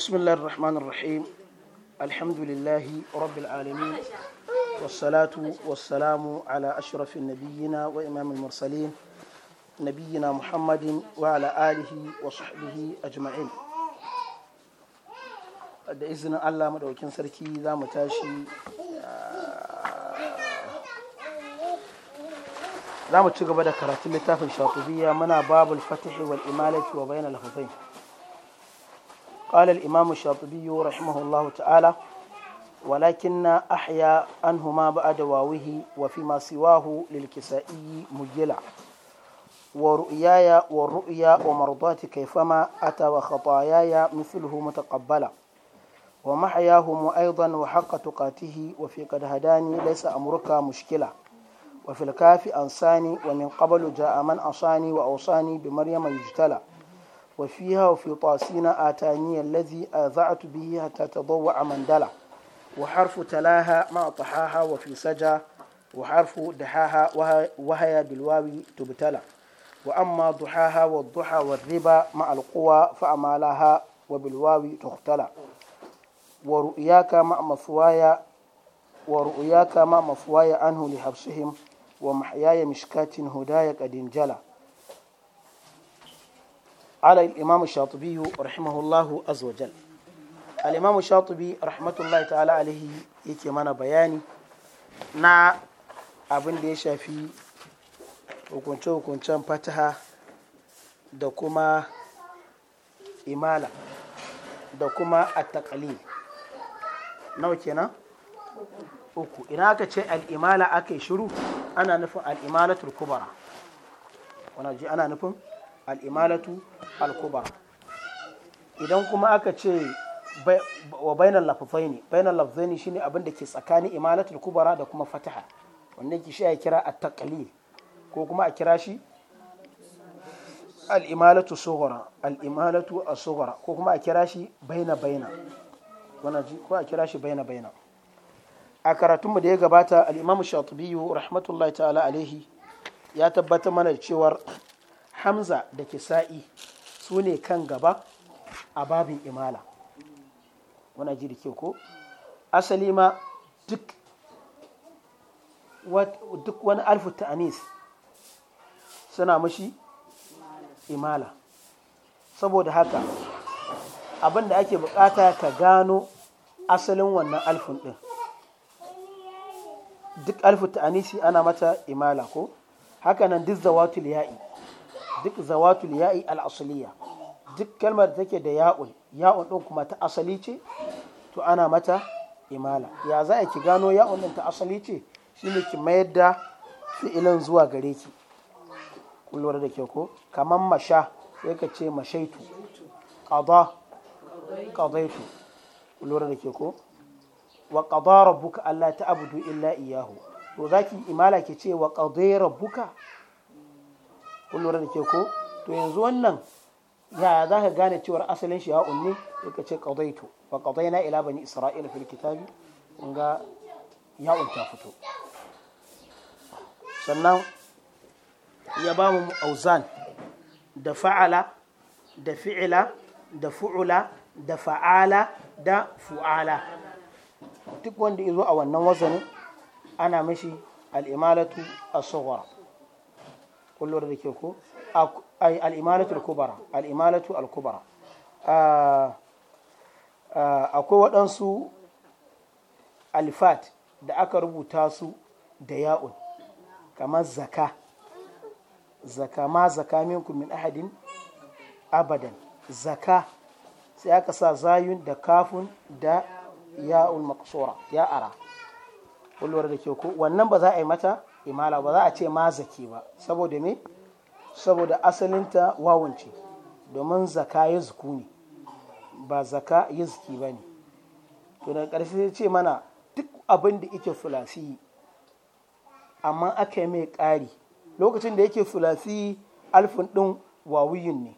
بسم الله الرحمن الرحيم الحمد لله رب العالمين والصلاة والسلام على أشرف النبيين وإمام المرسلين نبينا محمد وعلى آله وصحبه أجمعين بإذن الله مدعوكين سركي ذا متاشي ذا متشغب دكرة تلتاف الشاطبية منا باب الفتح والإمالة وبين الهفين قال الإمام الشاطبي رحمه الله تعالى ولكن أحيا أنهما بعد واوه وفيما سواه للكسائي مجلع ورؤياي والرؤيا ومرضات كيفما أتى وخطاياي مثله متقبلا ومحياهم أيضا وحق تقاته وفي قد هداني ليس أمرك مشكلة وفي الكاف أنساني ومن قبل جاء من أصاني وأوصاني بمريم يجتلى وفيها وفي طاسين آتاني الذي آذعت به حتى تضوع دلع وحرف تلاها مع طحاها وفي سجا وحرف دحاها وهي بالواو تبتلى وأما ضحاها والضحى والربا مع القوى فأمالها وبالواو تختلى ورؤياك مع مفوايا ورؤياك مع مفوايا عنه لحبسهم ومحياي مشكات هدايا قد انجلى على الإمام الشاطبي رحمه الله عز وجل الإمام الشاطبي رحمة الله تعالى عليه yake mana bayani na abin da ya shafi hukunce-hukuncen fataha da kuma imala da kuma attaƙalil nawa kenan uku ina aka ce al'imala aka yi shuru ana nufin al'imalatul turkubara wana ji ana nufin al'imalatu alkubar idan kuma aka ce wa bainar lafafai ne bainar lafafai ne shine abin da ke tsakanin imalatul kubara da kuma fataha wanda ke shi a kira a taƙalil ko kuma a kira shi al'imalatu sogora al'imalatu a sogora ko kuma a kira shi baina baina ko a kira shi baina baina a karatunmu da ya gabata al'imamu shatubiyu rahmatullahi ta'ala alaihi ya tabbatar mana da cewar hamza da kisa'i su ne kan gaba a babin imala wana ji da ke ko asali ma duk duk wani alfu ta'anis suna mashi imala saboda haka abin da ake bukata ka gano asalin wannan alfun din duk alfu ta'anisi ana mata imala ko hakanan duk zawatul ya'i duk zawatul ya'i al'asuliya duk kalmar da take da ya'un ya'un ɗin kuma ta asali ce to ana mata imala ya za a ki gano ya'un ɗin ta asali ce shine ki mayar da fi'ilan zuwa gare ki kullum da ke ko kamar masha sai ka ce mashaitu qada qadaitu kullum da ke ko wa qada rabbuka alla ta'budu illa iyyahu to zaki imala ke ce wa qada rabbuka kun da ke ko to yanzu wannan ya za ka gane cewar asalin shi ha'un ne ka ce qadaitu wa qadaina ila bani isra'ila fil kitabi kun ga ya'un ta fito sannan ya ba mu auzan da fa'ala da fi'ila da fu'ula da fa'ala da fu'ala duk wanda ya zo a wannan wazanin ana mashi al'imalatu a Kullu da ke ko al'imalatu al-kubara al'imalatu al-kubara akwai waɗansu alifat da aka rubuta su da ya'un kamar zaka zaka ma zaka minkum min ahadin abadan zaka sai aka sa zayun da kafun da ya'un maqsura ya ara kullum da ke ko wannan ba za a yi mata imala ba za a ce ma zaki ba saboda me saboda asalinta wawun ce domin zaka ya zuku ne ba zaka ya zuki ba ne to daga ƙarshe ce mana duk abin da yake fulasi amma aka yi mai ƙari lokacin da yake fulasi alfin ɗin wawuyin ne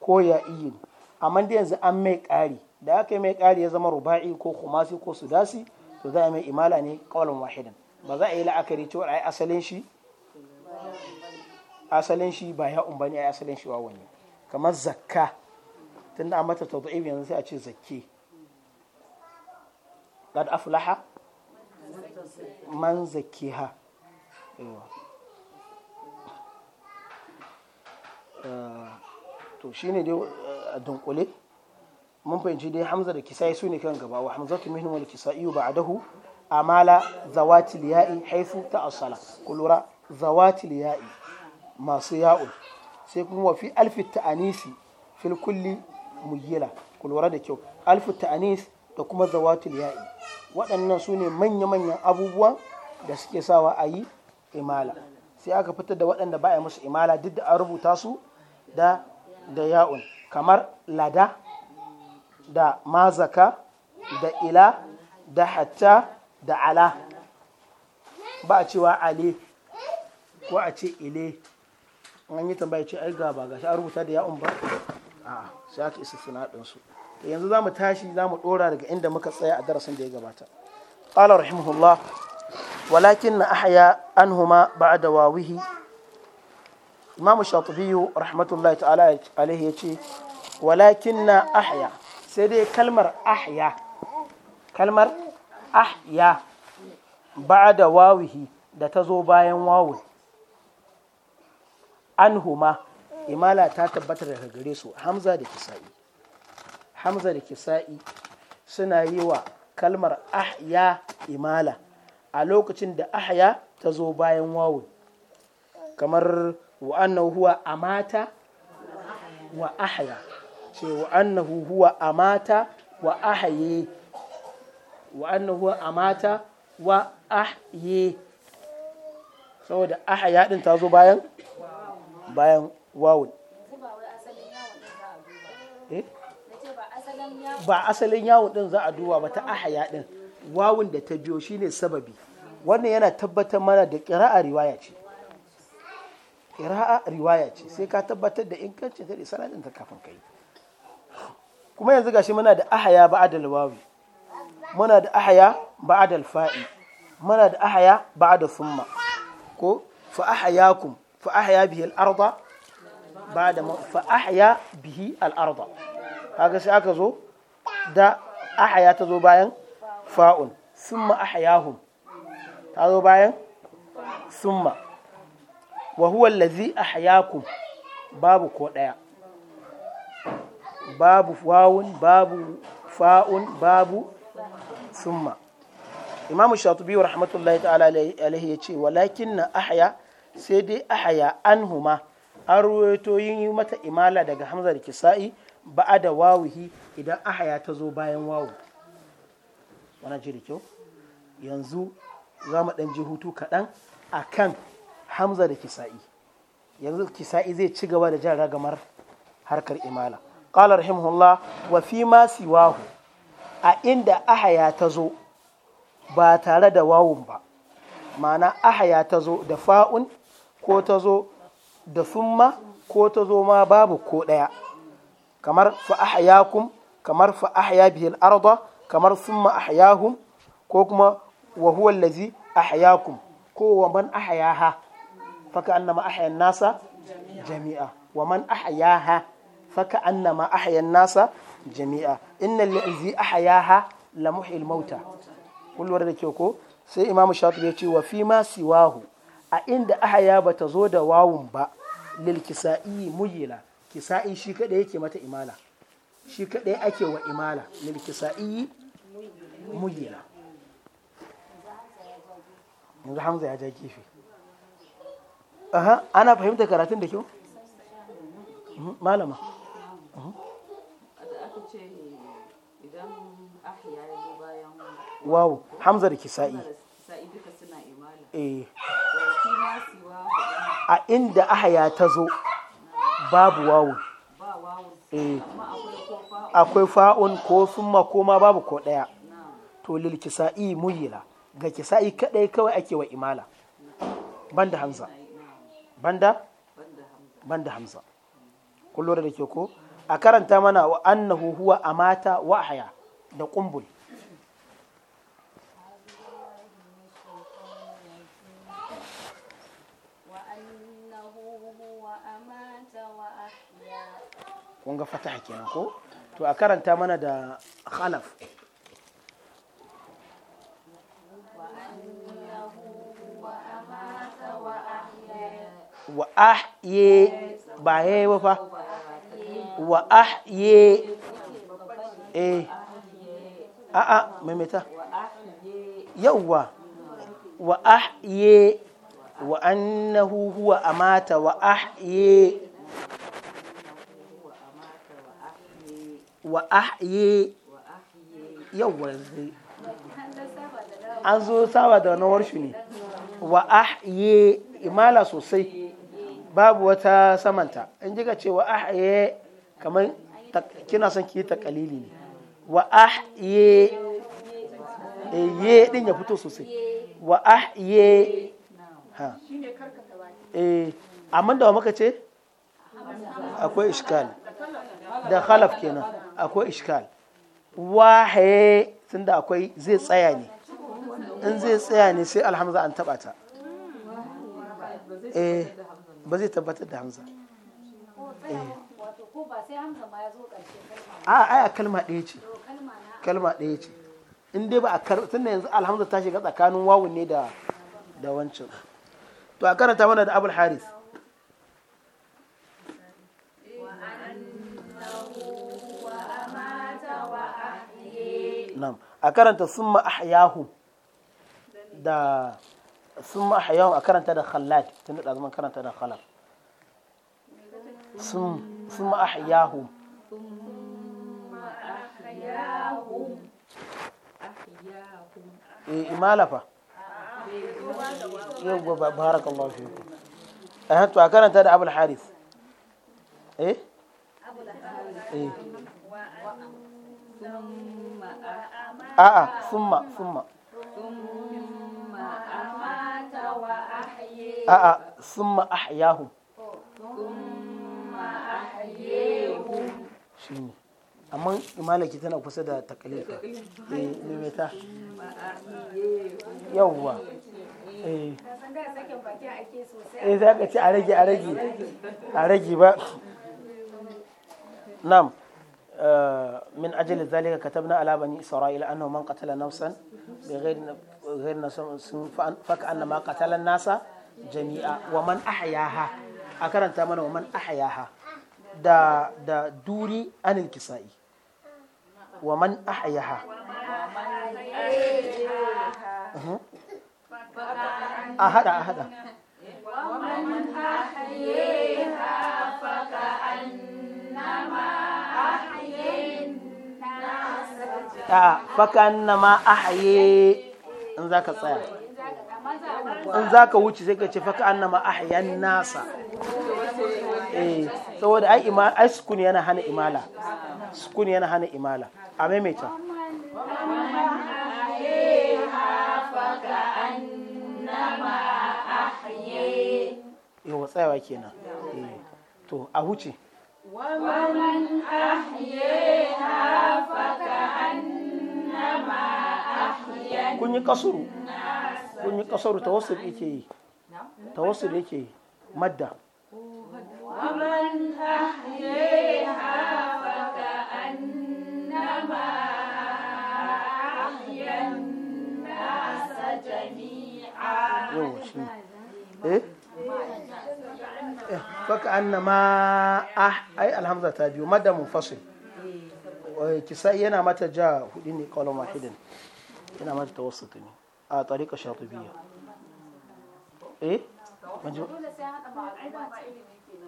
ko ya iyin amma da yanzu an mai ƙari da aka yi mai ƙari ya zama ruba'i ko kumasi ko sudasi to za a mai imala ne ƙaunar wahidan ba za a yi la'akari a yi asalin shi asalin shi ba ya umba ne yi asalin shi wawan ne kamar zakka tunda an mata tawdhib yanzu sai a ce zakke qad aflaha man zakke ha. Eh, to ne dai eh, a dunkule mun fahimci dai hamza da kisai su ne kan gaba wa hamzatu minhum ba a dahu. amala zawati ya'i haifu ta asala kulura lura ya'i masu ya'u sai kuma wa fi alfi ta'anisi fil kulli muyyila ku lura da kyau alfi ta'anis da kuma zawatul ya'i waɗannan su ne manya-manyan abubuwan da suke sawa a yi imala sai aka fitar da waɗanda ba a yi musu imala duk da an rubuta su da da ya'un kamar lada da mazaka da ila da hatta da ala ba a cewa ale ko a ce ile an yi tambaya ce ai ga ba ga shi rubuta da ya ba a sai aka isa suna ɗinsu yanzu za mu tashi za mu ɗora daga inda muka tsaya a darasin da ya gabata ƙala rahimahullah walakin na ahaya an huma ba da wawihi imamu shatubiyu rahmatullah ta'ala alaihi ya ce walakin na ahaya sai dai kalmar ahaya kalmar ahya ba'da wawihi da ta zo bayan wawun anhuma imala ta tabbatar daga gare su hamza da kisa'i hamza da kisa'i suna yi wa kalmar ahya imala a lokacin da ahya ta zo bayan wawun kamar wa'annahu huwa amata wa ahya ce huwa amata wa ahaye wa annahu amata wa ahye saboda ahya ɗin ta zo bayan bayan wawun eh? ba asalin yawon din za a duba ba ta ahaya din wawun da ta biyo shine sababi wannan yana tabbatar mana da ƙira'a riwaya ce ƙira'a riwaya ce sai ka tabbatar da ingancin da sanadin ta kafin kai kuma yanzu gashi muna da ahaya ba adal wawi muna da ahaya ba'da fa'i muna da ahaya ba'da thumma ko fa ahayakum fa ahaya bihi al-arda ba'da fa ahaya bihi al-arda kaga sai aka zo da ahaya ta zo bayan fa'un thumma ahyahum ta zo bayan thumma wa huwa allazi ahyakum babu ko daya babu wawun babu fa'un babu thumma imamu shatubi rahmatullahi ta'ala alaihi ya ce walakin na ahaya sai dai ahaya an huma an ruwaito yin mata imala daga hamza da kisa'i a da wawuhi idan ahaya ta zo bayan wawu wannan ji kyau yanzu za mu ɗan ji hutu kaɗan a kan hamza da kisa'i yanzu kisa'i zai ci gaba da jan ragamar harkar imala ƙalar rahimahullah wa fi ma siwahu a inda ahaya ta zo ba tare da wawun ba ma'ana ahaya ta zo da fa'un ko ta zo da summa ko ta zo ma babu ko ɗaya kamar fa fa'ahayakum kamar fa fa'ahaya bihil arda kamar summa ahayahum ko kuma wa huwa allazi ahyakum ko wa man ahayaha faka annama ahayan nasa jami'a wa man faka annama ahayan nasa jami'a innal ladzi ahyaha la muhyil mauta kullum da ke ko sai imamu shafi ya ce wa fi ma siwahu a inda ahaya ba ta zo da wawun ba lil kisa'i muyila kisa'i shi kadai yake mata imala shi kadai ake wa imala lil kisa'i muyila yanzu hamza ya ja gefe aha ana fahimta karatun da kyau mhm, malama mhm. wawu hamza da kisa'i eh. a inda ahaya ta zo babu wawu eh. akwai fa'un ko sun ko ma babu ko ɗaya to lil kisa'i muyila ga kisa'i kadai kawai ake wa imala banda hamza banda banda hamza kullum da ke ko a karanta mana wa annahu huwa amata wa haya da qumbul kunga ga fataha kenan ko to a karanta mana da khalaf wa ahye ba ya yi fa wa ahye eh a'a maimaita yauwa wa ahye wa annahu huwa amata wa ahye wa ahye yawwa yanzu an zo saba da wani warshu ne wa ahye imala sosai babu wata samanta in jika ce wa ahye kamar kina son ki ta kalili ne wa ahye eh, ye din ya fito sosai wa ahye ha eh amma da muka ce akwai iskali da khalaf kenan akwai ishkal wahaye tunda akwai zai tsaya ne in zai tsaya ne sai alhamza an taba ta eh ba zai tabbatar da hamza eh. a aya kalma ɗaya ce kalma ɗaya ce in dai ba a kar tunda yanzu alhamza ta shiga tsakanin wawun ne da da wancan to a karanta mana da abul haris nan a karanta summa ahyahum da summa ahyahum a karanta da khallat tun da zaman karanta da khalal summa ahyahum imalafa yau a karanta da abul haris eh, eh. a'a summa summa a'a summa ahyahu shine amma malaki tana kusa da takalifa ne eh, ta yawwa eh. eh za ka ci a rage a rage a rage ba nam آه، من أجل ذلك كتبنا على بني إسرائيل أنه من قتل نفسا بغير غير نفس فكأنما قتل الناس جميعا ومن أحياها أكرنت من ومن أحياها دا دا دوري عن الكسائي ومن أحياها أهدا أهدا ومن أحياها ta fakan ma haye in za ka tsaya in za ka wuce sai ka ce faka annama ahyan nasa eh saboda ai sukuni sukun yana hana imala sukun yana hana imala a maimaita yawa tsayawa kenan eh, to a wuce ha faka an kun yi kasuru kun yi kasuru tawassul yake yi tawassul yake yi madda kisa yana mata ja hudu ne kawalin yana ma tawassu ne a tariƙa shatubiya eh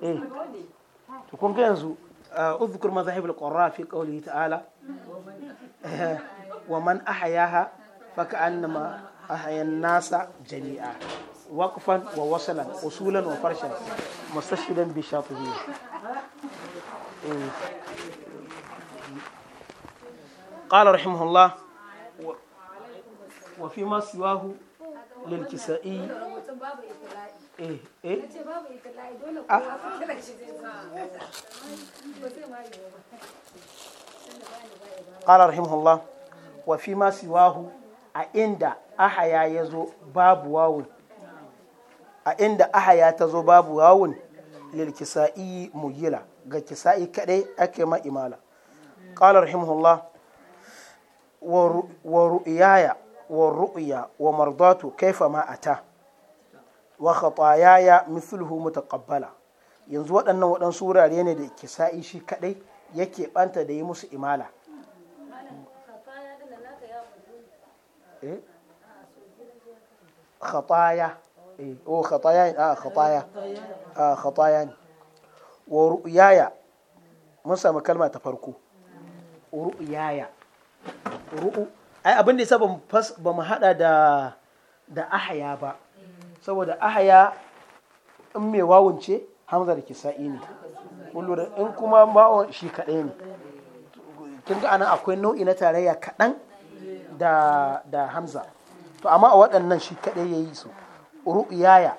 eh to kun ga yanzu اذكر مذاهب القراء في قوله تعالى ومن أحياها فكأنما أحيا الناس جميعا وقفا ووصلا أصولا وفرشا مستشهدا بشاطبية إيه؟ قال رحمه الله wafi masu yawahu lalkisa'i eh eh ƙala rahimahullah wafi masu yawahu a inda ahaya ya zo babu wawun a inda ahaya ta zo babu wawun lalkisa'i mugila ga kisa'i kadai ake ma imala ƙala rahimahullah wa ru'yaya والرؤيا ومرضات كيفما أتى وخطاياي مثله متقبلة yanzu waɗannan waɗansu wurare ne da ke sa'i shi kaɗai yake ɓanta da yi musu imala eh? khataya eh, o ne wa ru'yaya mun samu kalma ta farko ai abin da yasa ba mu hada da da ahaya ba saboda ahaya in mai wawance ce hamza da kisa'i ne in kuma bawon shi kaɗai ne kin ga anan akwai nau'i na tarayya kaɗan da da hamza to amma a waɗannan shi kaɗai ya yi su ru'yaya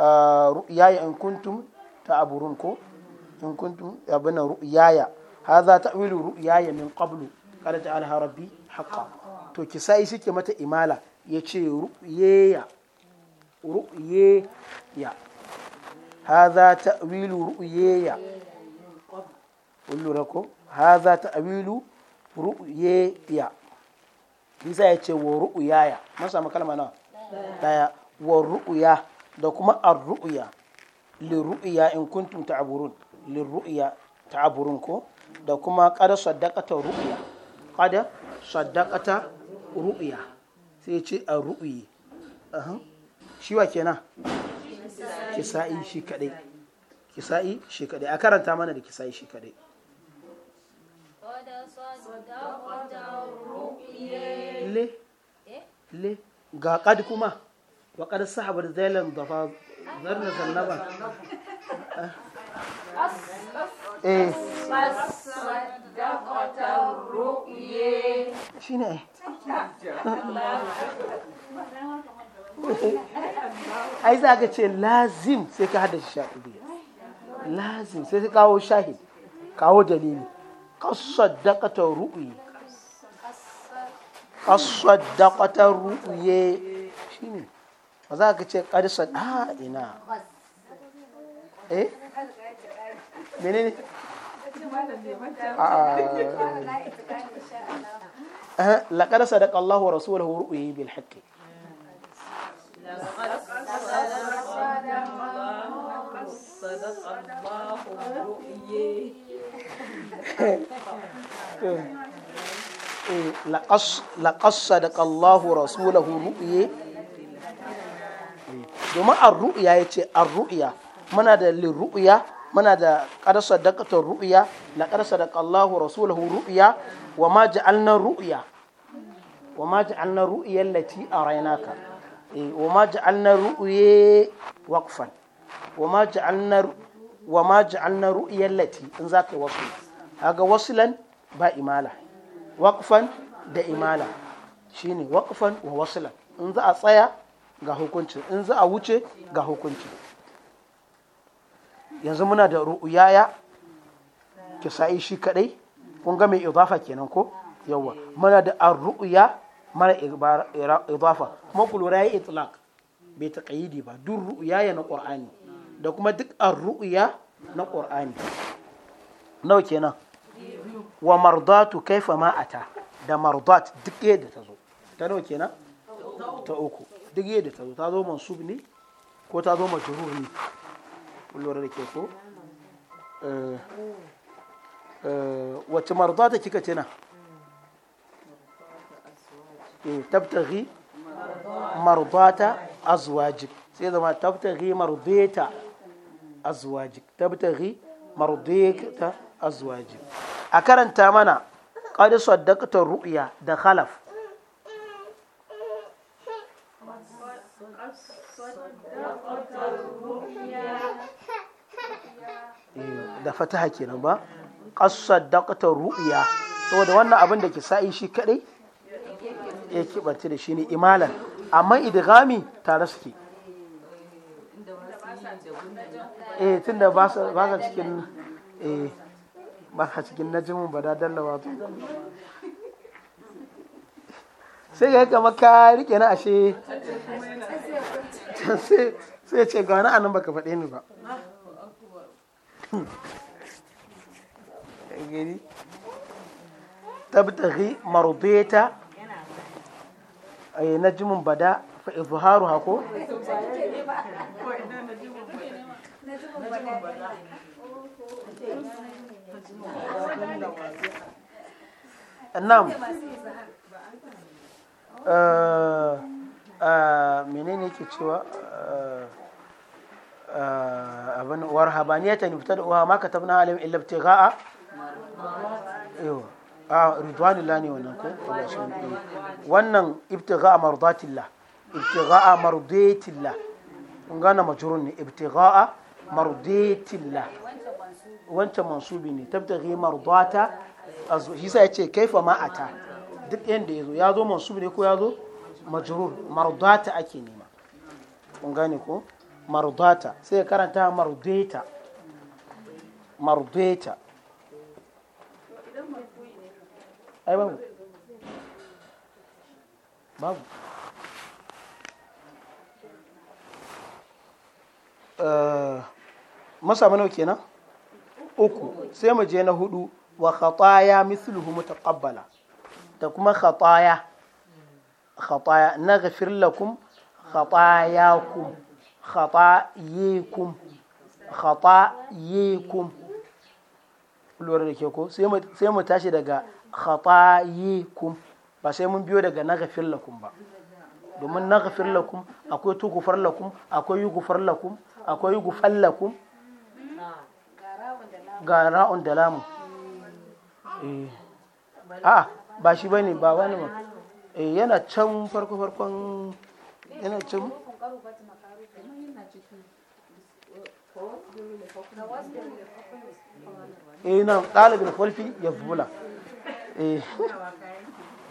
ah, ru'yaya in kuntum ta aburun ko in kuntum abin ru'yaya haza ta'wilu ru'yaya min qablu qala ta'ala rabbi haqqan to kisai shi ke mata imala ya ce ru'yeya ru'yeya haza ta'wilu ru'yeya kun lura ko haza ta'wilu ru'yeya bisa ya ce wa ru'uyaya mun samu kalma nawa daya wa ru'uya da kuma ar-ru'ya lirru'ya in kuntum ta'burun lirru'ya ta'burun ko da kuma qad saddaqata ru'ya qad saddaqata ru'ya sai ya ce a ru'yi shi wa kenan kisa'i shi kadai kisa'i shi kadai a karanta mana da kisa'i shi kadai le le ga kad kuma wa kad sahabar zailan da fa zarna zannaba eh صدقت ai za ka ce lazim sai ka hada shi shaɗiya lazim sai ka kawo shahid kawo dalili dakatar ru'uye dakatar ru'uye shi ne ba za ka ce qad sadda ina eh menene لقد صدق الله ورسوله رؤيه بالحق لقد صدق الله رسوله رؤيه domin an ru'ya ya ce an ru'ya muna da lin ru'ya muna da qad saddaqatur ru'ya la da sadaqallahu rasulahu ru'ya wa ma ja'alna ru'ya wa ma ja'alna lati a rainaka eh, wa ma ja'alna ru'ya waqfan wa ma ja'alna wa ma ja'alna ru'ya allati in zaka wasu kaga wasulan ba imala waqfan da imala shine waqfan wa wasulan in za a tsaya ga hukunci in za a wuce ga hukuncin yanzu muna da ru'uyaya sa'i shi kadai kun ga mai idafa kenan ko yawa muna da ar ru'uya mara idafa kuma ku lura yayi itlaq bai qayidi ba duk ru'uyaya na qur'ani da kuma duk ar ru'uya na qur'ani nawa kenan wa mardatu kaifa ma ata da mardat duk yadda ta zo ta nawa kenan ta uku duk yadda ta zo ta zo mansub ne ko ta zo majrur ne kullura da ke ko eh, eh, wacce marzuwa ta kika tuna eh, tabtaghi marzata azwajik sai zama tabtaghi marzata azwajik tabtaghi marzata azwajik a karanta mana qad saddaqta ru'ya da khalaf da fataha kenan ba qasaddaqta ru'iya saboda wannan abin da ke sa'in shi kadai ya kibanta da shi ne imalan amma idigami tare suke eh tun da ba sa cikin eh ba sa cikin najimin ba da dallawa to sai ga kama ka rike na ashe sai ce ga wani anan baka faɗe ni ba gani tabtaghi mardiyata ay eh, najmun bada fa izharu hako nam eh, eh, menene yake cewa abin warhabaniyata ne fitar da uwa ma ka tabna alim illa ibtigha'a yau a ridwanillah ne wannan ko wannan mardatillah mardatillah kun gane ne mardatillah wancan mansubi ne mardata shi sa kaifa ma duk yanda yazo yazo mansubi ne ko yazo majrur mardata ake nema kun gane ko marudata sai karanta marudeta marudeta ai babu babu eh, masa mana nan uku sai mu je na hudu wa khataya mithluhu mutaqabbala da kuma khataya khataya na lakum khatayakum khata'ikum khata'ikum lura da ke ko sai mu tashi daga khata'ikum ba sai mun biyo daga naghfir lakum ba domin naghfir lakum akwai tukufar lakum akwai yugufar lakum akwai yugufar lakum ga ra'un da lamu eh. a ba shi bane ba wani ba eh, yana can farko farkon yana can Ina eh, nan ɗalibin kulfi ya zula eh,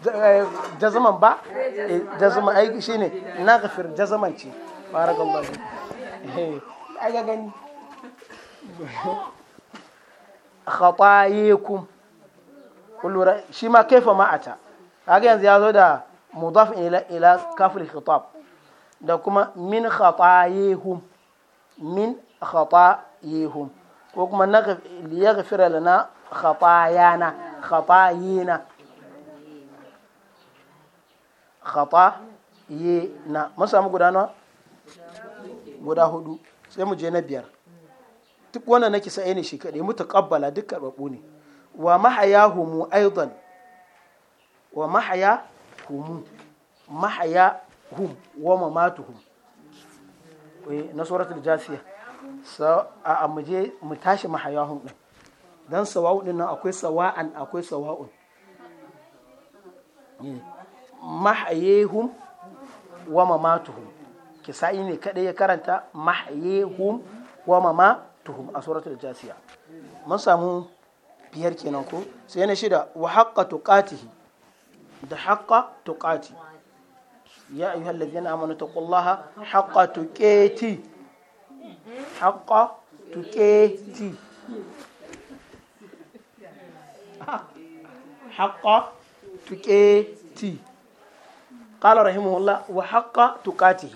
jazaman ba eh, jazaman aiki shi ne na kafir jazaman ce fara gamba ai ga gani khatayikum kullura shi ma kaifa ma'ata ga yanzu ya zo da mudaf ila kafin khitab da kuma min khatayihum min khatayihum ko kuma ya gafira lana khatayana khatayina khatayina mun samu guda nawa guda hudu sai mu je na biyar duk wannan nake sai ne shi kadai mu taqabbala duk karbabu ne wa mahayahumu aidan wa mahaya humu mahaya hum wa mamatuhum eh, na suratul jasiya a amuje mu tashi mahayahum din dan sawa'u din nan akwai sawa'an akwai sawa'un eh, mahayehum wa mamatuhum kisa'i ne kadai ya karanta mahayehum wa mamatuhum a suratul jasiya mun samu biyar kenan ko sai na shida wa haqqatu qatihi da haqqatu qatihi يا أيها الذين آمنوا اتقوا الله حق تقاته حق تقاته حق تقاته قال رحمه الله وحق تقاته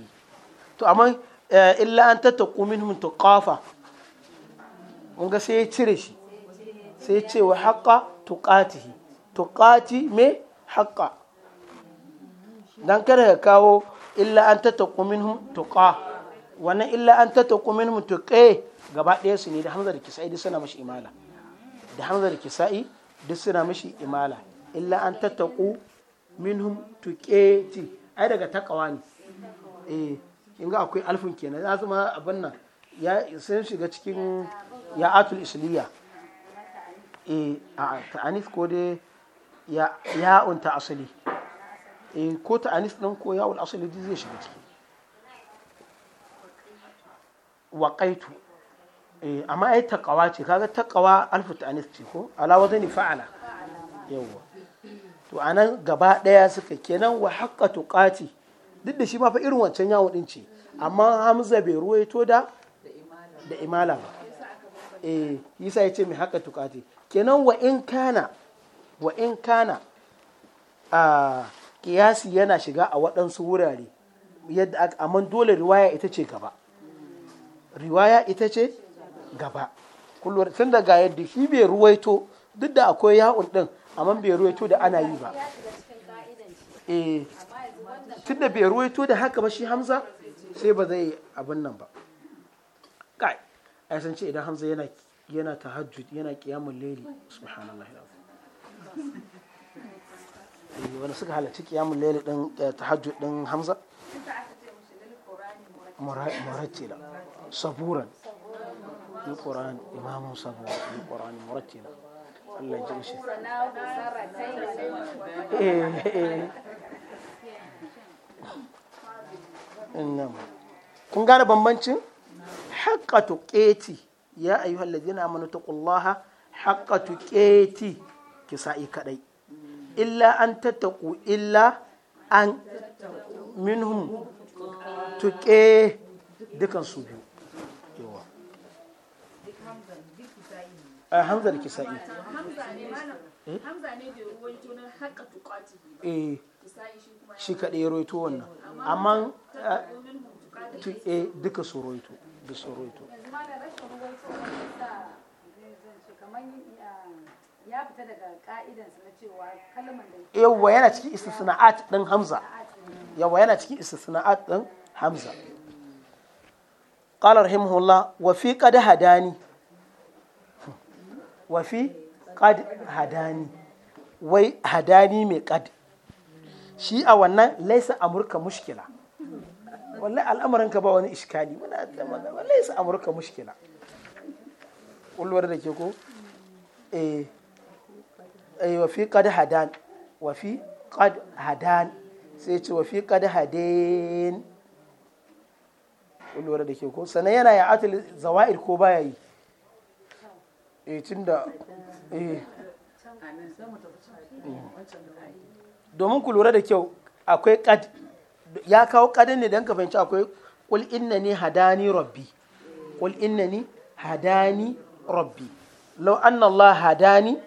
تؤمن إلا أن تتقوا منهم تقافة ونقى سيترشي سيتشي وحق تقاته تقاتي مي حقا dan kada ka kawo illa an tattaqu minhum tuqa wannan illa an tattaqu minhum tuqa gaba ɗaya su ne da hamza da kisa'i duk suna mashi imala da hamza da kisa'i duk suna mashi imala illa an tattaqu minhum tuqati ai daga takawa ne eh kin ga akwai alfun kenan za su ma abin nan ya sun shiga cikin ya atul isliya eh a ta'anif ko dai ya ya unta asali eh ko ta anif ɗin ko yawon asali duk zai shiga ciki waƙaitu eh amma ai taqawa ce kaga taqawa alfu ta anif ce ko ala wazani fa'ala yawa to anan gaba ɗaya suka kenan wa haqqatu qati duk da shi ma fa irin wancan yawon din ce amma hamza bai ruwaito da da imala ba eh yasa ya ce haqqatu qati kenan wa in kana wa in kana a ah, kiyasi yana shiga a waɗansu wurare yadda amma dole riwaya ita ce gaba riwaya ita ce gaba kullum tun daga yadda shi bai ruwaito duk da akwai ya'un din amma bai ruwaito da ana yi ba eh tun da bai ruwaito da haka ba shi hamza sai ba zai abin nan ba kai a yasan ce idan hamza yana yana tahajjud yana qiyamul layli subhanallahi Eh, wani suka halarci kiyamun lele din eh, tahajjud din hamza murattila saburan yi ƙoran imamun saburan yi ƙoran murattila Allah ji shi eh. innan kun gane bambancin haƙƙatu ƙeti ya ayyuhal ladina amanu taqullaha haƙƙatu ƙeti ki sa'i kadai illa an tattaku illa an minhum tuƙe dukan su biyu a eh, hamza da kisa'i shi kaɗai roito wannan amma eh, tuƙe eh, duka su roito da su roito ya fita daga ka'idansa na cewa kalmar da yawa yana cikin istisna'at din hamza yawa yana cikin istisna'at din hamza قال رحمه الله وفي hadani هداني وفي قد هداني وي هداني مي قد shi a wannan laisa amurka mushkila wallahi al'amarin ka ba wani iskali laisa amurka mushkila ƙulwar da ke ko eh Eh, wafi qad hadan wafi qad hadan sai ce wafi qad hadin lura da ke ko sannan yana ya atul zawa'ir ko baya yi eh tunda eh domin ku lura da kyau akwai kad ya kawo kadin ne don ka fahimci akwai kul innani hadani rabbi kul innani hadani rabbi law anna allah hadani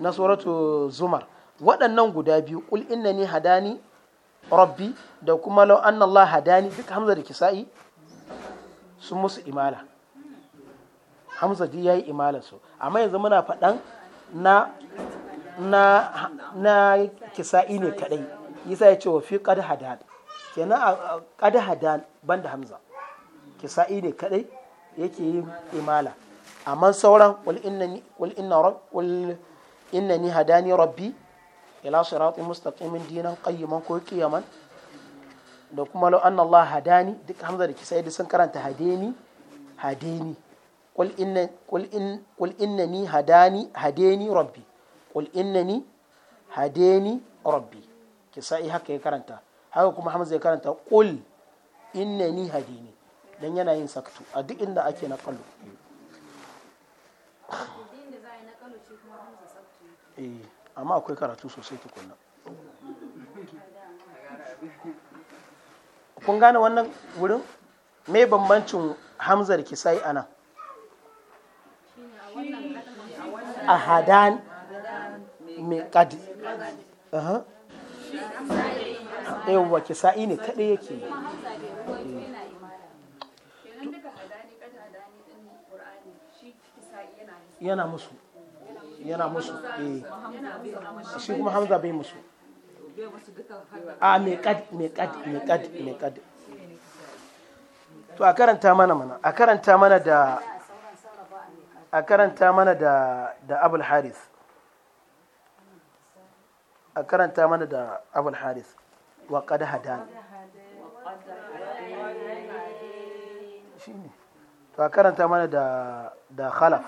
na suratu zumar waɗannan guda biyu kul innani hadani rabbi da kuma law anna Allah hadani duk hamza da kisa'i sun musu imala hamza dai yayi imala su amma yanzu muna faɗan na na na kisa'i ne kadai yasa ya ce wa fi qad hadan kenan a qad hadan banda hamza kisa'i ne kadai yake yin imala amma sauran wal inna wal inna rabb innani hadani rabbi ila siratin mustaqimin dinan qayyiman ko qiyaman da kuma law anna Allah hadani duk hamza da Kisai da sun karanta hadeni hadeni qul inna qul in qul innani hadani hadeni rabbi qul innani hadeni rabbi kisa'i haka ya karanta haka kuma hamza ya karanta qul innani hadini dan yana yin saktu a duk inda ake na kallo Eh, amma akwai karatu sosai tukunna kun gane wannan wurin mai bambancin hamzar kisai ana? a hadan mai kadi yawwa kisa'i ne kaɗai yake yana musu yana musu eh shi kuma hamza bai musu a mai mekad mekad mekad to a karanta mana mana a karanta mana da a karanta mana da da abul haris a karanta mana da abul haris wa qad hadan shi ne to a karanta mana da da khalaf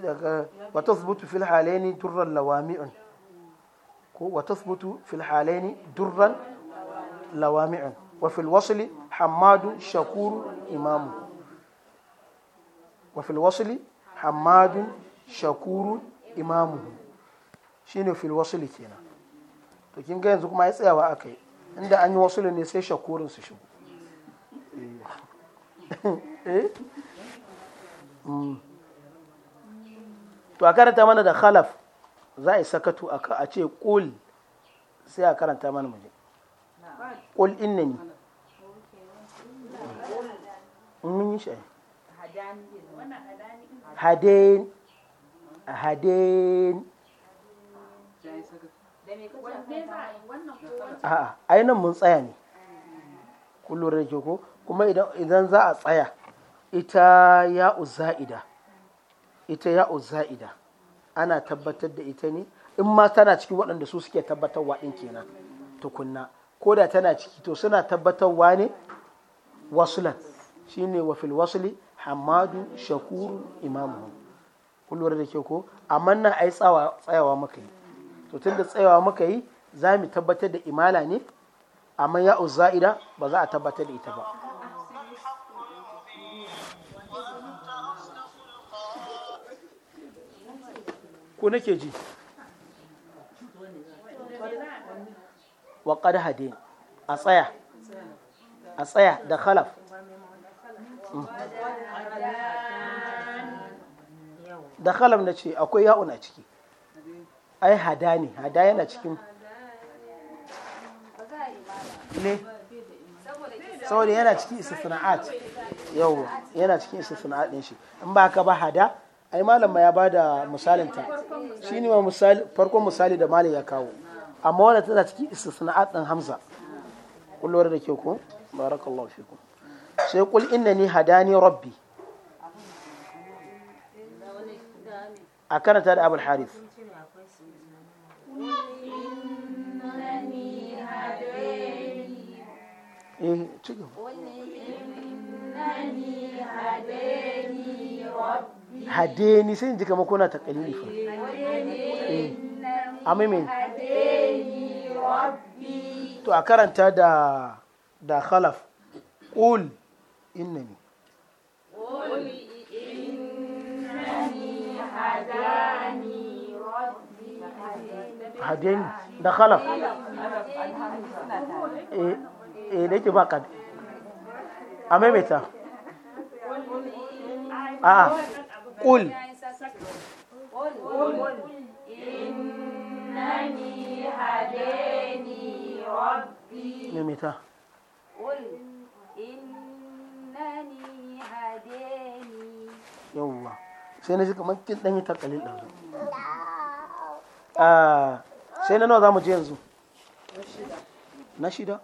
daga wa tasbutu fil halaini lawami'un ko wa tasbutu fil halaini lawami'un wa fil wasli hamadu shakur wa fil hamadun shakuru imamu shine fil kenan to kin ga yanzu kuma ya tsayawa akai inda an yi wasli ne sai shakurin su to a karanta mana da khalaf za a yi sakatu a ce kul sai a karanta mana muje ƙul innani mun yi shi hadain hadain a'a yi nan mun tsaya ne kullum rage ko kuma idan za a tsaya ita ya uza'ida ita ya'u za'ida ana tabbatar da ita ne in ma tana ciki waɗanda su suke tabbatarwa ɗin kenan tukunna ko da tana ciki to suna tabbatarwa ne wasulan shine wa fil wasli hamadu shakuru imamu kullum da ke ko amma nan ai tsayawa maka yi to tunda tsayawa maka yi za mu tabbatar da imala ne amma ya'uzaida za'ida ba za a tabbatar da ita ba ko nake ji wa qad hadin a tsaya a tsaya da khalaf mm. da khalaf na ce akwai ya'u na ciki ai hada ne hada yana cikin ne saboda yana cikin sana'at yau yana cikin sana'at din shi in ba ka ba hada ai malam ma ya ba da misalinta shi ne farkon misali da malam ya kawo amma wadda tana cikin istisna'at ɗin hamza kullum da ke ku barakallahu fikum sai kul innani hadani rabbi a karanta da abul harif eh cikin hadeni sai in ji kamar kuna ta kalili fa eh. amimin to a karanta da da khalaf ul innani qul innani hadani rabbi hadani da khalaf eh eh da ke ba ka a ta a'a قل إنني هداني ربي نمتا قل إنني هداني sai na ji kamar kin takalin zu. sai na nawa za mu je yanzu na shida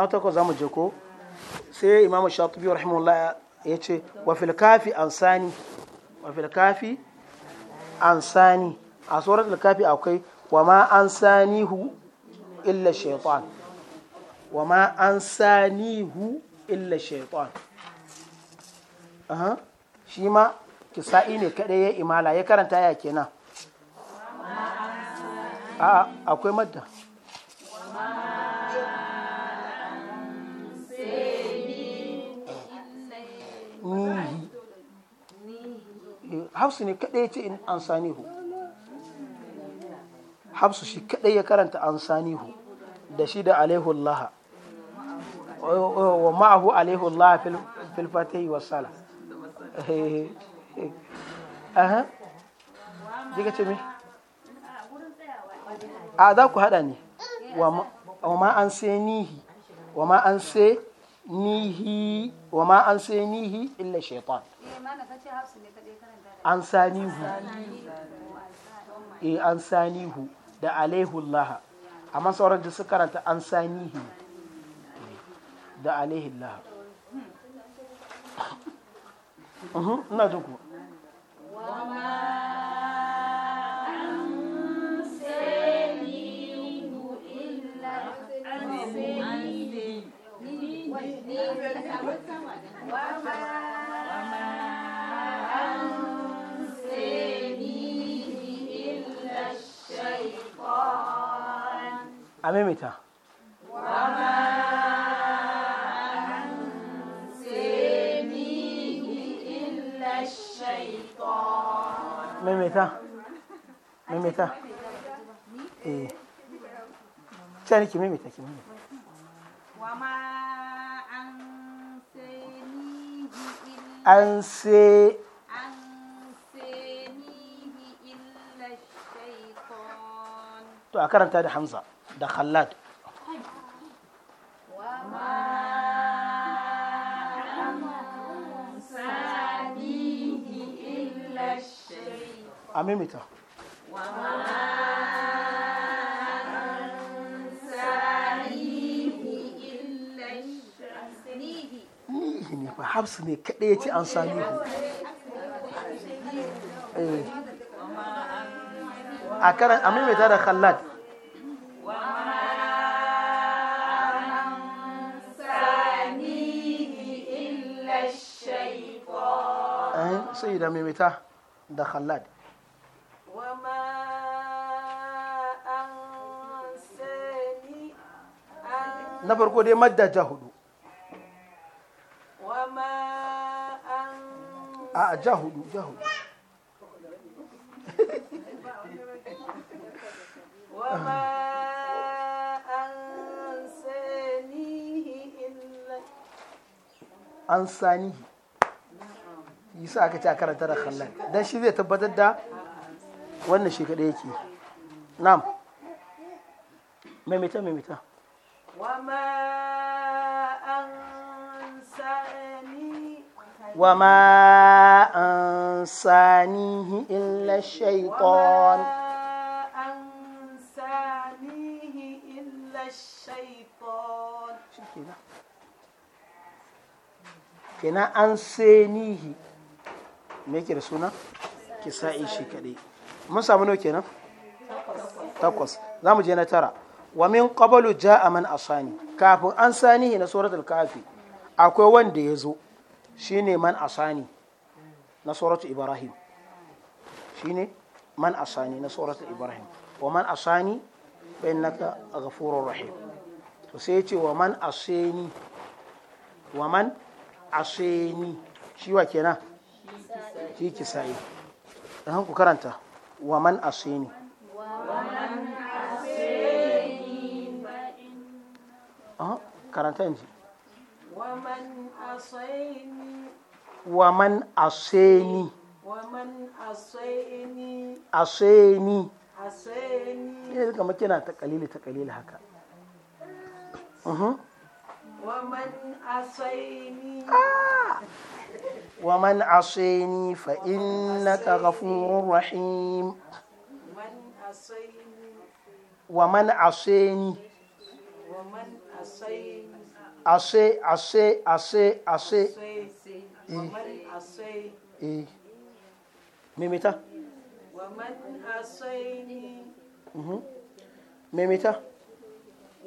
na takwas za mu je ko sai imam shatubi rahimahullah ya ce wa filkafi ansani wa filkafi ansani a suratul kafi akwai wa ma ansanihu illa shaytan wa ma ansanihu illa shaytan aha shi ma kisa'i ne kadai ya imala ya karanta ya kenan a akwai madda hafsu ne kaɗai ya ce in an sani hu hafsu shi kaɗai ya karanta an sani hu da shi da alaihullaha wa ma'ahu alaihullaha fil fatihi wa sala eh, eh, eh. aha diga ce me a za ku haɗa ne wa ma an sai nihi wa ma an sai nihi wa ma an sai nihi illa shaitan an sanihu e an sanihu da alaihullaha amma sauran da su karanta an sanihi da alaihullaha hmm. ina jin a maimaita maimaita maimaita eh cani ki maimaita ki maimaita an illa shaytan to a karanta da hamza da khallad a mimita ba ne kaɗai ya an sami eh. a karan da khallad da mimita da khallad na farko dai madda ja hudu a ja hudu ja hudu an sanihi yasa aka ce a karanta da khallal dan shi zai tabbatar da wannan shi kadai yake na'am maimaita maimaita ma ansani wa ma illa ansanihi illa shaytan kenan an senihi me yake da suna ki sa'i shi kaɗai mun samu nau kenan takwas za mu je na tara wa min qabalu ja'a man asani kafin an sanihi na suratul kafi akwai wanda ya zo shine man asani na suratu ibrahim shine man asani na suratu ibrahim wa man asani fa innaka ghafurur rahim to sai yace ce wa man asani wa man asani shi wa kenan fi kisa'i dan ku karanta wa man asini karanta yanzu wa man asini asini ne kamar kina ta kalili ta kalili haka mhm. waman Ah! ومن عصيني فإنك غفور رحيم ومن عصيني عصي عصي عصي عصي إيه ميميتا ومن عصيني ميميتا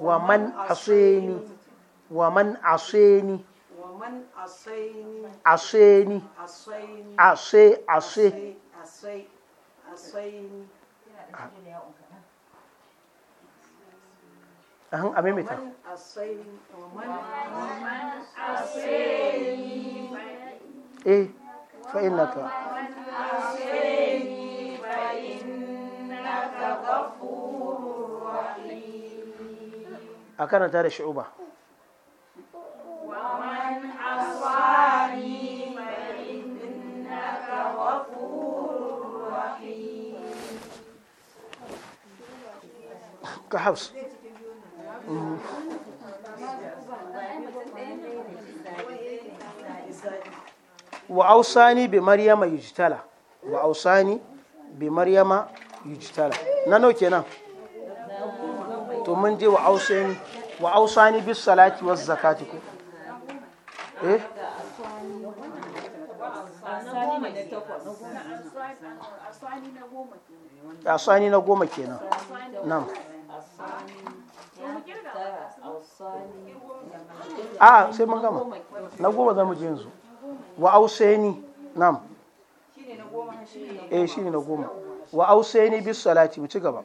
wa man aseni wa man aseni aseni ase ase an E, maimaita eh fa'inaka aseni fa'inaka gafuru a karanta da shu'uba ka haus wa ausani bi maryama yujtala wa ausani bi maryama yujtala na nau kenan to mun je wa ausani wa ausani bis salati waz zakati ko eh asani na goma kenan nan a sai mun gama na goma za mu je yanzu wa ausani nam eh shine na goma wa ausani bis salati mu ci gaba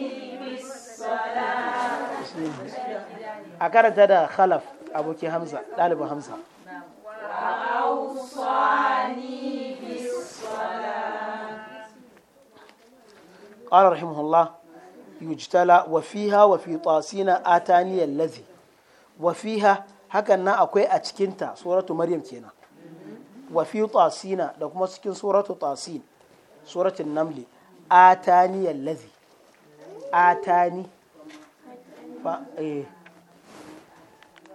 a karanta da khalaf abokin hamza ɗalibin hamza قال رحمه الله يجتلى وفيها وفي طاسين آتاني الذي وفيها هكذا أكوي أتكنتا سورة مريم كينا وفي طاسين لكم سكن سورة طاسين سورة النمل آتاني الذي آتاني Eh,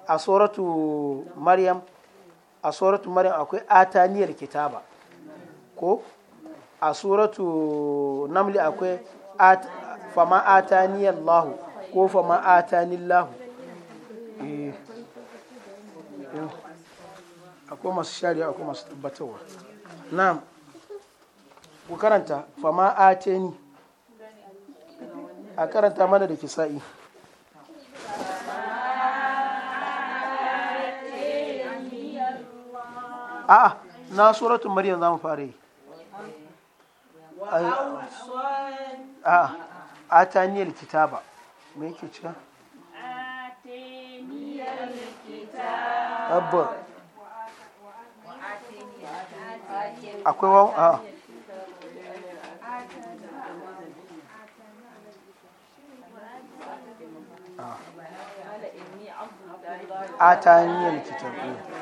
a suratu maryam a suratu maryam akwai ataniyar kitaba ko a suratu namli akwai fama ataniyar lahu ko fama atanin lahu eh, eh, akwai masu shari'a akwai masu tabbatarwa na'am ku karanta fama ateni a karanta mana da kisa'i a'a ah, na suratun maryam zamu fara yi a ah, ataniyal kitaba me yake cika ah. ataniyal kitaba abba akwai wawan a'a ataniyal kitaba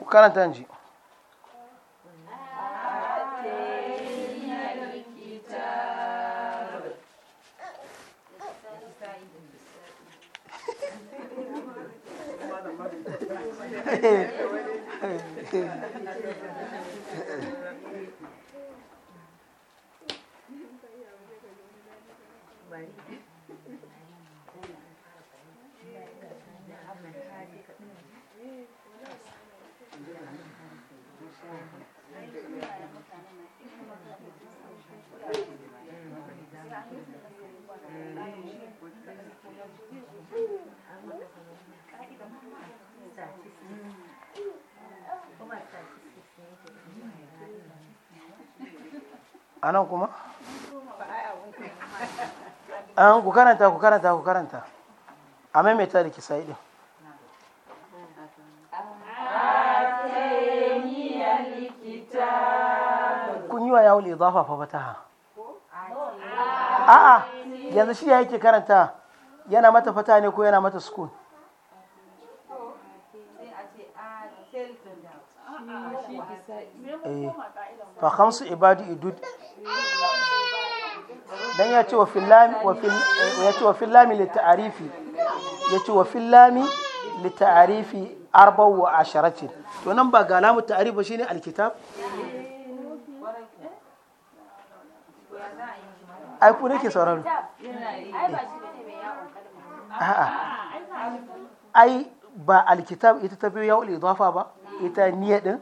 O cara karanta tá ji. Ana kuma? an ku karanta ku karanta ku karanta a maimaita da kisa idin wa yawon idafa fa a'a yanzu shi ya yake karanta yana mata fata ne ko yana mata sukun eh, fa khamsu ibadu idud dan ya ce wa fillami ya ce wa fillami ya ce wa fillami arba wa asharatin to nan ba ga alamu ta'arifa shine alkitab ai ku ke sauraro ai ba alkitab ita ta biyo yawul idafa ba ita niyya din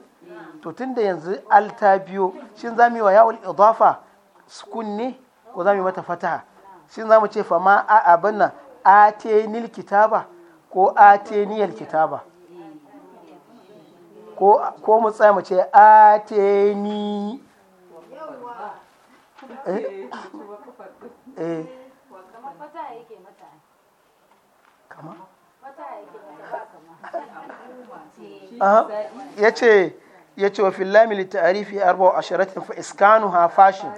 to tunda yanzu al ta biyo shin zamu yi wa yawul idafa sukun ne ko zamu yi mata fataha shin zamu ce fa ma a abin nan atenil kitaba ko ateniyal kitaba ko ko mu tsaya mu ce ateni Eh? eh kama ya ce ya ce wa fillami littarifi arba asharatin fa fashin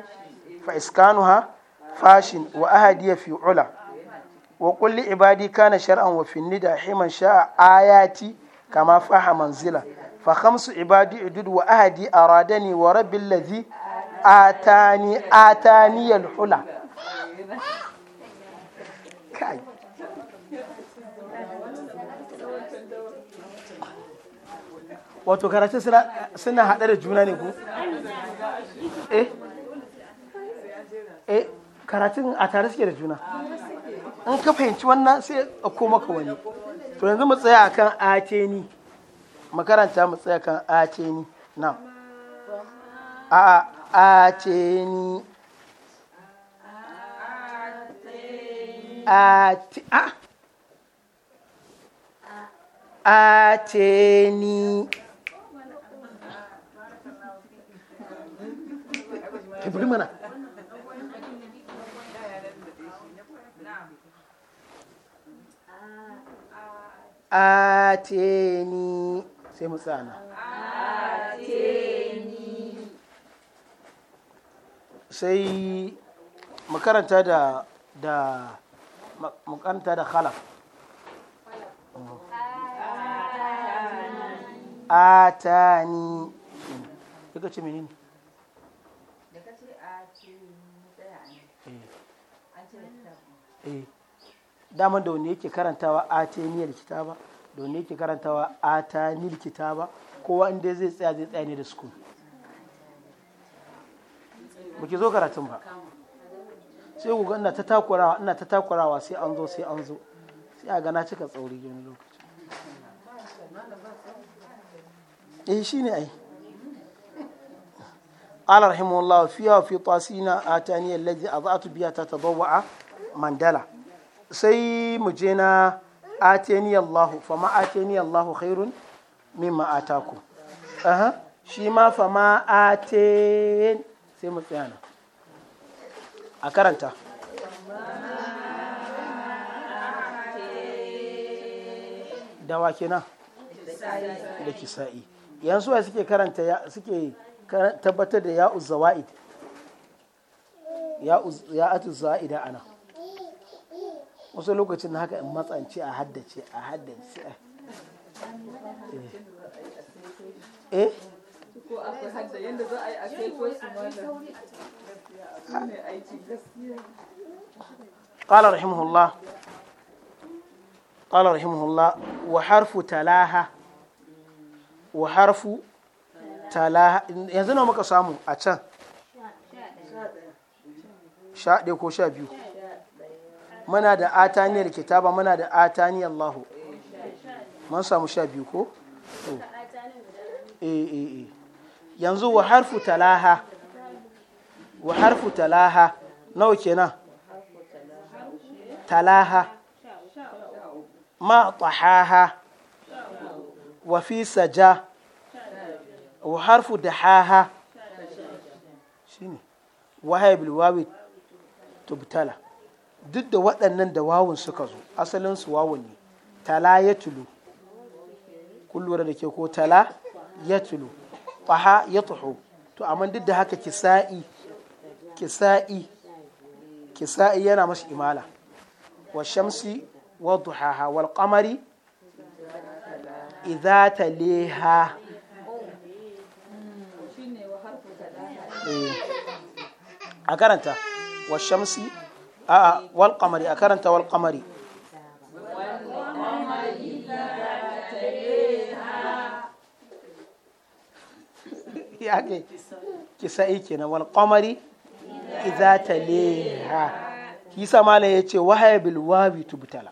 fa ha fashin wa ahadiya fi ula wa kulli ibadi kana shar'an wa finni da himan sha'a ayati kama faha manzila fa kamsu ibadi idud wa ahadi radani wa rabbil lazi atani atani hula kai wato karatun suna haɗe da juna ne ko? eh eh karatun a tare suke da juna in ka fahimci wannan sai a koma ka wani to yanzu mu tsaya kan ateni makaranta mu tsaya kan ateni na a'a ateni Ateni. Ah. ateni mana ateni sai musana sai makaranta da da makaranta da khalaf atani daga ce menene daga ce a eh. ce eh daman da wani yake karantawa ateniyar kitaba da wanda yake karantawa atanil kitaba kowa inda zai tsaya zai tsaya ne da sukun ba zo karatun ba sai ku ga ta takurawa ina ta takurawa sai an zo sai an zo sai a gana cika tsauri gani lokaci eh shine ai ala rahimullah fi wa fi tasina atani allazi azatu biya ta a mandala sai mu je na atani allah fa ma atani allah khairun mimma ataku aha shi ma fa ma atani sai mu tsaya nan a karanta da wa kenan da kisa'i yanzu wa suke karanta suke tabbatar da ya zawa'id ya atu za'id a nan wasu lokacin na haka in matsance a haddace a haddace eh, eh? su ko akwai hadda yadda za a yi a kai ko su mana قال رحمه الله قال رحمه الله وحرف تلاها وحرف تلاها مكا سامو أتشان sha ɗaya ko sha biyu mana da ataniyar kitaba muna da ataniyar lahu man samu sha biyu ko? yanzu wa harfu talaha wa harfu talaha nawa kenan talaha ma tahaha wa fi saja wa harfu dahaha shine wahaya bil wawi tubtala duk da waɗannan da wawun suka zo asalin su wawun ne tala ya tulu kullum da ke ko tala ya tulu taha ya taho to amma duk da haka kisa'i kisa'i kisa'i yana mashi imala wa shamsi wa duhaha wal qamari idza taliha a karanta wa shamsi a wal qamari a karanta wal qamari ki ake kisa'i kenan wal qamari idza talaha sa mala yace wahaya bil wawi tubtala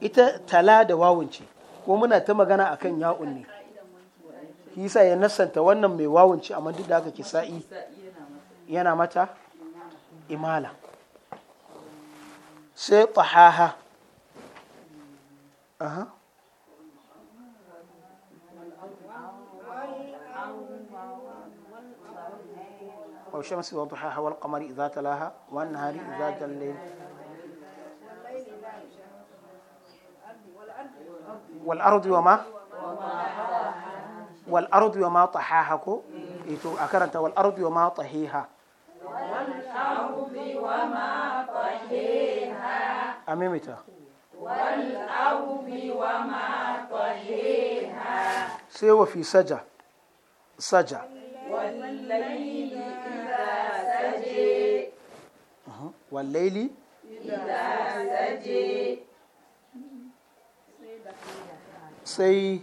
ita tala da wawun ce ko muna ta magana akan ya'un ne kisa ya nasanta wannan mai wawun ce amma duk da haka sa'i yana mata imala sai tahaha aha والشمس وضحاها والقمر إذا تلاها والنهار إذا جليل والأرض وما والأرض وما طحاها كو والأرض وما طهيها والأرض وما طهيها أميمتها والأرض وما طهيها سوى في سجا سجا والليل wallaili sai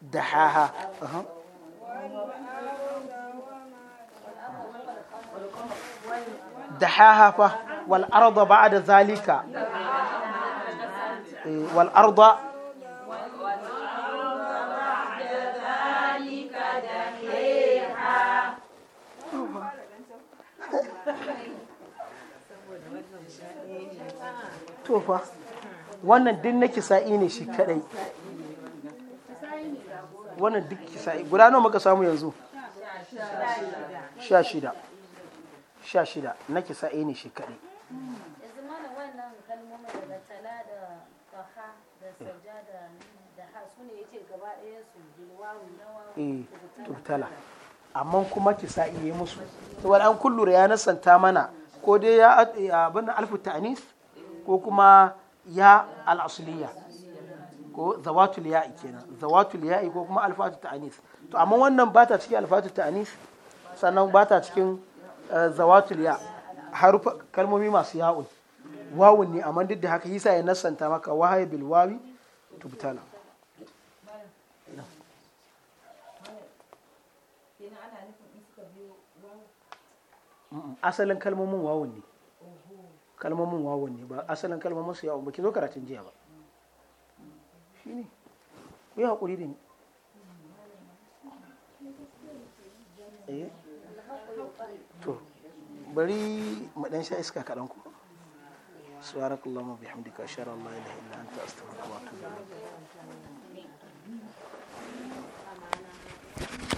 da haha da haha fa ba da zalika eh, wal'arda to fa wannan duk na kisa'i ne shi kadai wannan duk kisa'i guda nawa muka samu yanzu sha shida sha shida na kisa'i ne shi kadai e tubtala amma kuma ki sa iya musu saboda an kullu ya nasanta mana ko dai ya eh, abin alfu ta'anis ko kuma ya al'asuliya ko zawatul ya'i kenan zawatul ya'i ko kuma alfatu ta'anis to amma wannan ba ta cikin alfatu ta'anis sannan ba ta cikin eh, zawatul ya harufa kalmomi masu ya'un wawun ne amma duk da haka yasa ya nasanta maka wahaya bil wawi tubtala asalin kalmomin wawun ne kalmomin wawon ne ba asalin kalmomin su yawon ba ki zo karatun jiya ba shi ne ku yi haƙuri da ni eh. to bari maɗan sha iska kaɗan ku subhanakallahumma bihamdika ashhadu an la ilaha illa anta astaghfiruka wa atubu ilaik